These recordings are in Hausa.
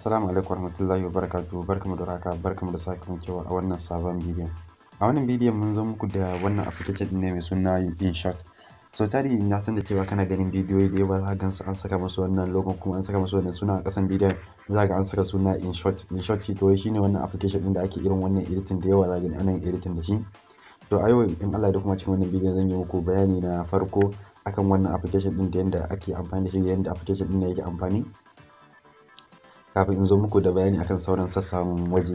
Assalamu alaikum warahmatullahi wabarakatuh barkamu da raka barkamu da sake kasancewa a wannan sabon bidiyon. A wannan bidiyon mun zo muku da wannan application din ne mai suna InShot. So tari na san da cewa kana ganin bidiyoyi da yawa za gansu an saka musu wannan logo kuma an saka musu wannan suna a kasan bidiyon za ga an saka suna InShot. InShot shi to ne wannan application din da ake irin wannan editing da yawa za gani ana editing da shi. To a yau in Allah da kuma cikin wannan bidiyon zan yi muku bayani na farko akan wannan application din da yadda ake amfani da shi da yadda application din yake amfani kafin in zo muku da bayani akan sauran sassan waje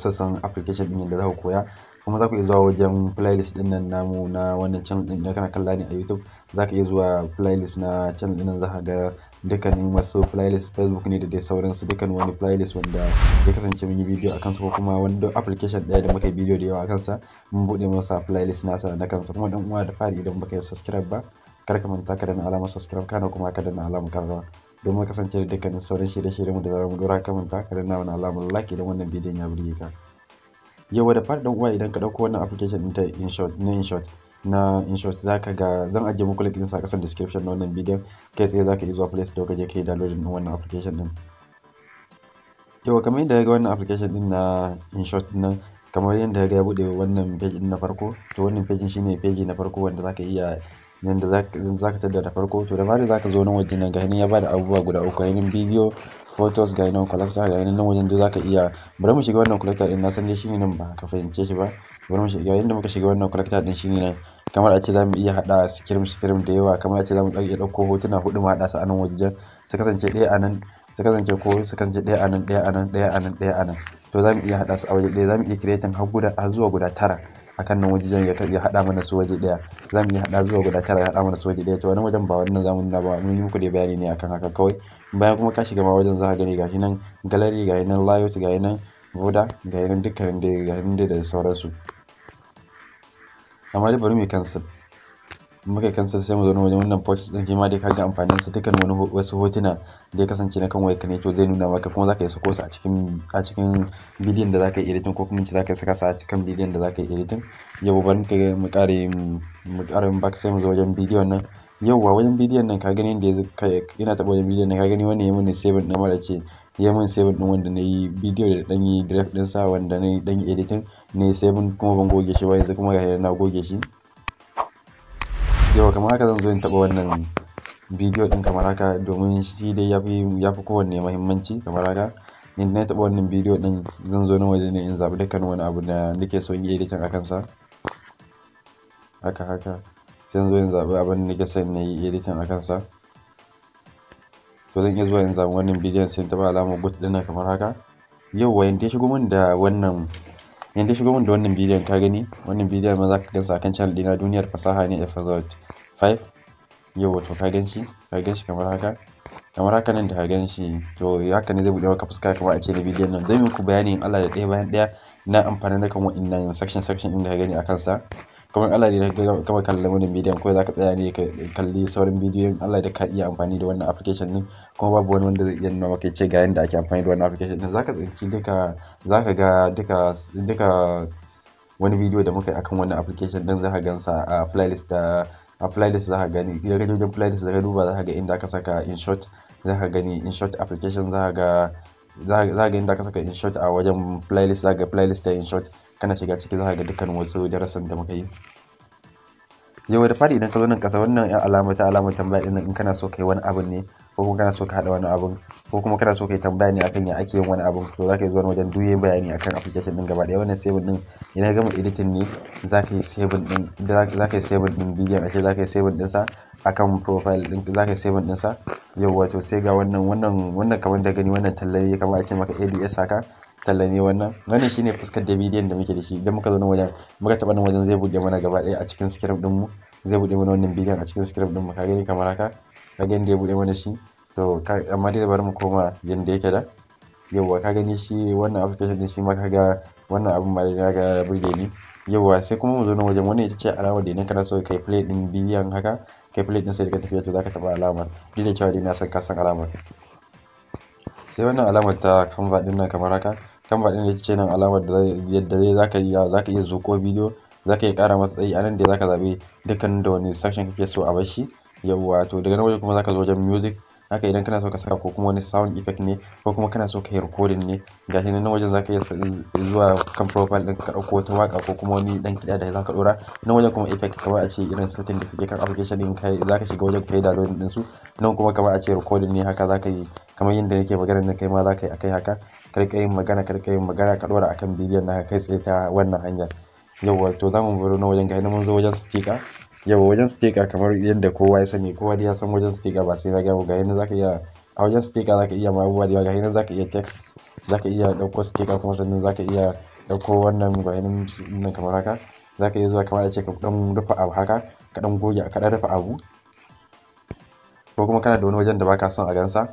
sassan application din da za ku koya kuma za ku iya zuwa wajen playlist din nan namu na wannan channel din da kana kalla ne a YouTube za ka iya zuwa playlist na channel din nan za ka ga dukkanin wasu playlist facebook ne da dai sauransu dukkan wani playlist wanda ya kasance mun yi bidiyo akan su ko kuma wani application ɗaya da muka yi bidiyo da yawa akan sa mun buɗe masa playlist nasa na kansa kuma dan uwa da fari idan baka yi subscribe ba kar ka manta ka danna alamar subscribe kana kuma ka danna alamar karrawa domin kasance da dukkanin sauran shirye shirye mu da zarar mu dora kamanta ka danna wani alamar like idan wannan bidiyon ya burge ka yau da fara uwa idan ka dauko wannan application din ta InShot na InShot na InShot zaka ga zan ajiye muku link din sa kasan description na wannan bidiyon kai tsaye zaka iya zuwa Play Store ka je kai downloading din wannan application din yau kamar yadda ga wannan application din na InShot na kamar yadda ya bude wannan page na farko to wannan page shine page na farko wanda zaka iya yanda za ka tada da farko to da fari za ka zo nan wajen nan ganin ya ba da abubuwa guda uku ganin bidiyo photos ga nan collector ga nan wajen da za ka iya bari mu shiga wannan collector din na san dai shine nan ba ka fahimce shi ba bari mu shiga yanda muka shiga wannan collector din shine nan kamar a ce za mu iya haɗa skirm skirm da yawa kamar a ce za mu iya ɗauko hotuna hudu mu haɗa su a nan wajen su kasance ɗaya a nan su kasance ko su kasance ɗaya a nan ɗaya a nan ɗaya a nan ɗaya a nan to za mu iya haɗa su a waje ɗaya za mu iya creating har guda har zuwa guda tara akan nan wajen ya haɗa mana su waje ɗaya za mu yi haɗa zuwa guda tara ya haɗa mana su waje ɗaya to wani wajen ba wannan za mu nuna ba mun yi muku da bayani ne akan haka kawai bayan kuma ka shiga ma wajen za ka gani gashi nan gallery gashi nan layout gashi nan voda gashi nan dukkanin dai gashi nan dai da sauransu amma dai bari mu yi cancel muka kan sai mu zo wajen wannan purchase din kima dai kaga amfanin sa dukkan wani wasu hotuna da ya kasance na kan wayar ka ne to zai nuna maka kuma zaka yi sako su a cikin a cikin bidiyon da zaka yi editing ko kuma zaka yi saka su a cikin bidiyon da zaka yi editing yau bari ka mu kare mu kare mu back sai mu zo wajen bidiyon nan yauwa wajen bidiyon nan ka gani inda ina taɓa wajen bidiyon nan ka gani wani ya mun saving na mara ce ya mun saving din wanda na yi bidiyo da ɗan yi draft sa wanda na yi ɗan editing na yi saving kuma ban goge shi ba yanzu kuma ga na goge shi yau kamar haka zan zo in taɓa wannan bidiyo ɗin kamar haka domin shi dai ya fi kowanne mahimmanci kamar haka in na taɓa wannan bidiyo ɗin zan zo na waje ne in zaɓi dukkan wani abu da nake son yi editing a kansa haka haka sai zo in zaɓi abin da nake son yi editing a kansa to zan iya zuwa in zaɓi wannan bidiyon sai in taɓa alamar good ɗin kamar haka yau wayan ta shigo min da wannan yanzu shigo wanda da wannan bidiyon ka gani wannan bidiyon ma za ka gansa kan channel dina duniyar fasaha ne episode 5 yau wato ka ganshi ka ganshi kamar haka kamar haka nan da ka ganshi to haka ne zai buɗe maka fuska kamar ake da bidiyon nan zai muku bayani in Allah da ɗaya bayan ɗaya na amfani da kan wa'innan section section inda ka gani a kansa kuma Allah ne kama kallon wani bidiyon ko za ka tsaya ne ka kalli sauran bidiyon Allah da ka iya amfani da wannan application din kuma babu wani wanda zai iya nuna maka ce ga yanda ake amfani da wannan application din zaka tsinci duka zaka ga duka duka wani bidiyo da muka yi akan wannan application din zaka gansa a playlist da a playlist zaka gani idan ka je wajen playlist zaka duba zaka ga inda aka saka in short zaka gani in short application zaka ga za ga inda aka saka in short a wajen playlist za ga playlist da in short kana shiga ciki zaka ga dukkan wasu darasin da muka yi yau da fari idan ka zo nan kasa wannan yan alamar ta alamar tambaya din in kana so kai wani abin ne ko kuma kana so ka hada wani abin ko kuma kana so kai tambaya ne akan ya ake yin wani abin to zaka yi zuwa wajen duye bayani akan application din gaba daya wannan saving din idan ka gama editing ne zaka yi saving din zaka yi saving din bidiyon ake zaka yi saving din sa akan profile din zaka yi saving din sa yau wato sai ga wannan wannan wannan kamar da gani wannan tallaye kamar a ce maka ADS haka talla ne wannan wannan shine fuskar da bidiyon da muke da shi idan muka zo nan wajen muka taba nan wajen zai buɗe mana gaba ɗaya a cikin script din mu zai buɗe mana wannan bidiyon a cikin script din mu ka gani kamar haka ka gani da ya buɗe mana shi to amma dai bari mu koma yanda yake da yauwa ka gani shi wannan application din shi ma ka ga wannan abun ma da ga burge ni yauwa sai kuma mu zo nan wajen wannan ita ce alamar da idan kana so kai play din bidiyon haka kai play din sai daga tafiya to zaka taba alamar duk da cewa dai na san ka san alamar sai wannan alamar ta canva din nan kamar haka kamfa ɗin da nan alamar da yadda zai zaka iya zaka iya zuko bidiyo zaka iya kara masa tsayi anan da zaka zaɓi dukkan da wani section kake so a bar shi wato to daga nan waje kuma zaka zo wajen music haka idan kana so ka saka ko kuma wani sound effect ne ko kuma kana so ka yi recording ne ga shi nan wajen zaka iya zuwa kan profile ɗin ka ɗauko wata waka ko kuma wani ɗan kida da zaka ɗora nan wajen kuma effect kamar a ce irin setting da suke kan application din kai zaka shiga wajen kai loading din su nan kuma kamar a ce recording ne haka zaka yi kamar yadda nake magana na kai ma zaka yi akai haka karka yin magana karka yin magana ka ɗora akan bidiyon na kai tsaye ta wannan hanyar yau to za mu na wajen gani mun zo wajen stika yau wajen stika kamar yadda kowa ya sani kowa ya san wajen stika ba sai na gaya ga yanzu zaka iya a wajen stika zaka iya ma abubuwa da yawa ga yanzu zaka iya text zaka iya dauko stika kuma sannan zaka iya dauko wannan ga yanzu kamar haka zaka iya zuwa kamar a ce ka ɗan rufe abu haka ka ɗan goge ka dan rufe abu ko kuma kana da wani wajen da baka son a gansa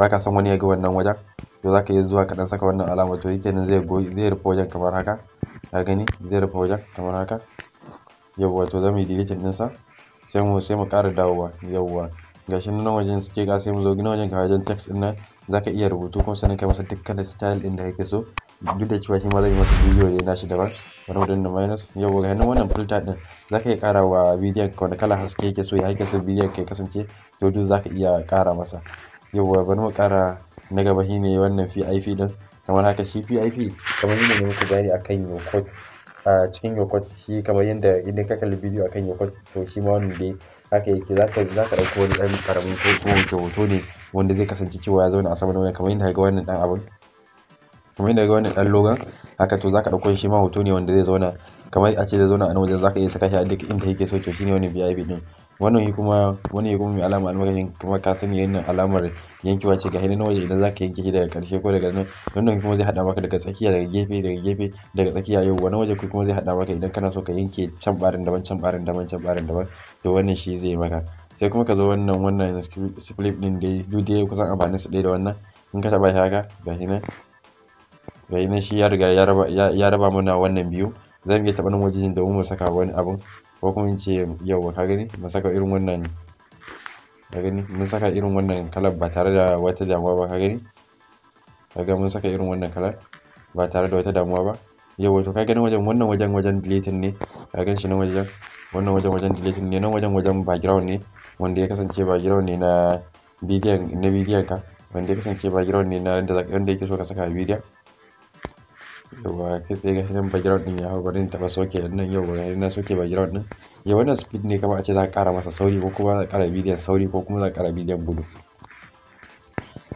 ba ka san wani ya ga wannan wajen to za ka iya zuwa ka dan saka wannan alama to nan zai goyi zai rufe wajen kamar haka ka gani zai rufe wajen kamar haka yawwa to zamu yi din ɗinsa sai mu sai mu ƙara dawowa yawwa gashi nan wajen suke ga sai mu zo gina wajen ga wajen text din nan zaka iya rubutu kuma sannan kai masa dukkan style ɗin da kake so duk da cewa shi ma zai masa video ne nashi daban bari mu danna minus yawwa ga nan wannan filter ɗin zaka iya kara wa bidiyon ka wani kala haske yake so ya haike so bidiyon ka ya kasance to duk zaka iya ƙara masa yawwa bari mu ƙara na gaba ne wannan pip din kamar haka shi pip kamar yadda ne muku bayani akan yokot a cikin yokot shi kamar yadda idan ka kalli bidiyo akan yokot to shi ma wannan dai haka yake za ka za ka ɗauko wani ɗan ƙaramin ko kuma hoto ne wanda zai kasance cewa ya zauna a saman wani kamar yadda ga wannan ɗan abun kamar yadda ga wannan ɗan logan haka to za ka ɗauko shi ma hoto ne wanda zai zauna kamar a ce zai zauna a nan wajen za ka iya saka shi a duk inda yake so to shi ne wani PIP din wannan shi kuma wannan shi kuma mai alama almakashi kuma ka sani yannan alamar yankewa ce ga hidin na waje idan zaka yanke shi daga karshe ko daga nan wannan kuma zai hada maka daga tsakiya daga gefe daga gefe daga tsakiya yau wani waje kuma zai hada maka idan kana so ka yanke can barin daban can barin daban can barin daban to wannan shi zai maka sai kuma ka zo wannan wannan split ɗin dai duk dai kusan amfanin su ɗaya da wannan in ka taɓa shi haka ga shi ga shi shi ya riga ya raba mana wannan biyu zan iya taɓa nan wajen da mu saka wani abun ko kuma in ce yau ka gani mun saka irin wannan ka gani mun saka irin wannan kalar ba tare da wata damuwa ba ka gani ga mun saka irin wannan kalar ba tare da wata damuwa ba yau wato ka gani wajen wannan wajen wajen deleting ne ka gan shi nan wajen wannan wajen wajen deleting ne nan wajen wajen background ne wanda ya kasance background ne na bidiyon na bidiyon ka wanda ya kasance background ne na wanda yake so ka saka a bidiyon yauwa ka tsaye ga nan background ɗin ya hau gwanin in taɓa soke nan nan yauwa gashi na soke background ɗin ya wannan speed ne kamar a ce za ka kara masa sauri ko kuma za ka kara bidiyon sauri ko kuma za ka kara bidiyon gudu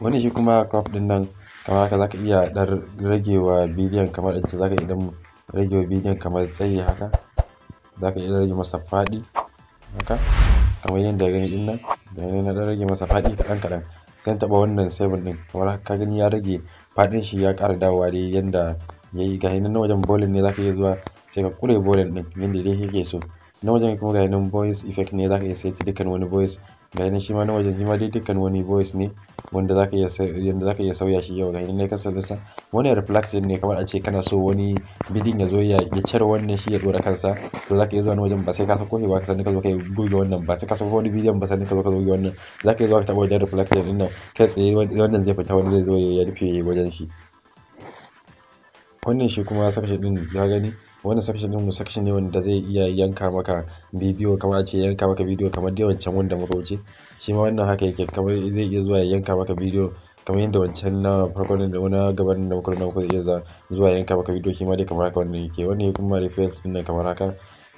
wani shi kuma crop ɗin nan kamar haka za ka iya ɗan ragewa bidiyon kamar in ce za ka idan ragewa bidiyon kamar tsayi haka za ka iya rage masa faɗi haka kamar yadda gani ɗin nan gani na ɗan rage masa faɗi kaɗan kaɗan sai taɓa wannan 7 ɗin kamar haka gani ya rage faɗin shi ya ƙara dawowa dai yadda yayi ga nan na wajen bowling ne zaka iya zuwa sai ka kure bowling din yadda dai kake so na wajen kuma ga nan voice effect ne zaka iya saita dukkan wani voice ga nan shi ma na wajen shi ma dai dukkan wani voice ne wanda zaka iya yanda zaka iya sauya shi yau ga ne kasa sa wani reflex ne kamar a ce kana so wani bidin ya zo ya ya cire wannan shi ya dora kansa to zaka iya zuwa na wajen ba sai ka sa kofi ba sannan ka zo ka goge wannan ba sai ka sako wani bidiyon ba sannan ka zo ka goge wannan zaka iya zuwa ka taba wajen reflex din nan kai tsaye wannan zai fita wani zai zo ya rufe wajen shi wannan shi kuma section din ya gani wannan section din section ne wanda zai iya yanka maka bidiyo kamar a ce yanka maka bidiyo kamar dai wancan wanda muka wuce shi ma wannan haka yake kamar zai iya zuwa ya yanka maka bidiyo kamar yadda wancan na farkon da wani gaban da muka nuna muka iya zuwa yanka maka bidiyo shi ma dai kamar haka wannan yake wannan kuma reference din kamar haka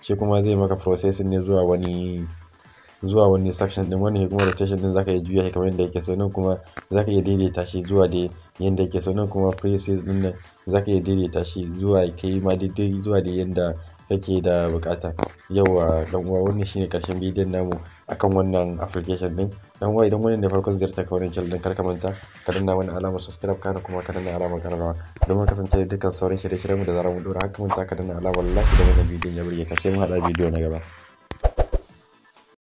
shi kuma zai maka processing ne zuwa wani zuwa wani section din wannan kuma rotation din zaka iya juya shi kamar yadda yake so nan kuma zaka iya daidaita shi zuwa da yadda yake so nan kuma presets din nan zaka iya daidaita shi zuwa kayi ma daidai zuwa dai yanda kake da bukata Yauwa dan uwa wannan shine karshen bidiyon namu akan wannan application din dan uwa idan wani ne farkon ziyartar ka wannan channel din kar ka manta ka danna mana alamar subscribe kana kuma ka danna alamar ƙararrawa domin kasance da dukkan sauran shirye-shiryenmu da zarar mun ɗora. haka manta ka danna alamar like da wannan bidiyon ya burge ka sai mu hada bidiyo na gaba.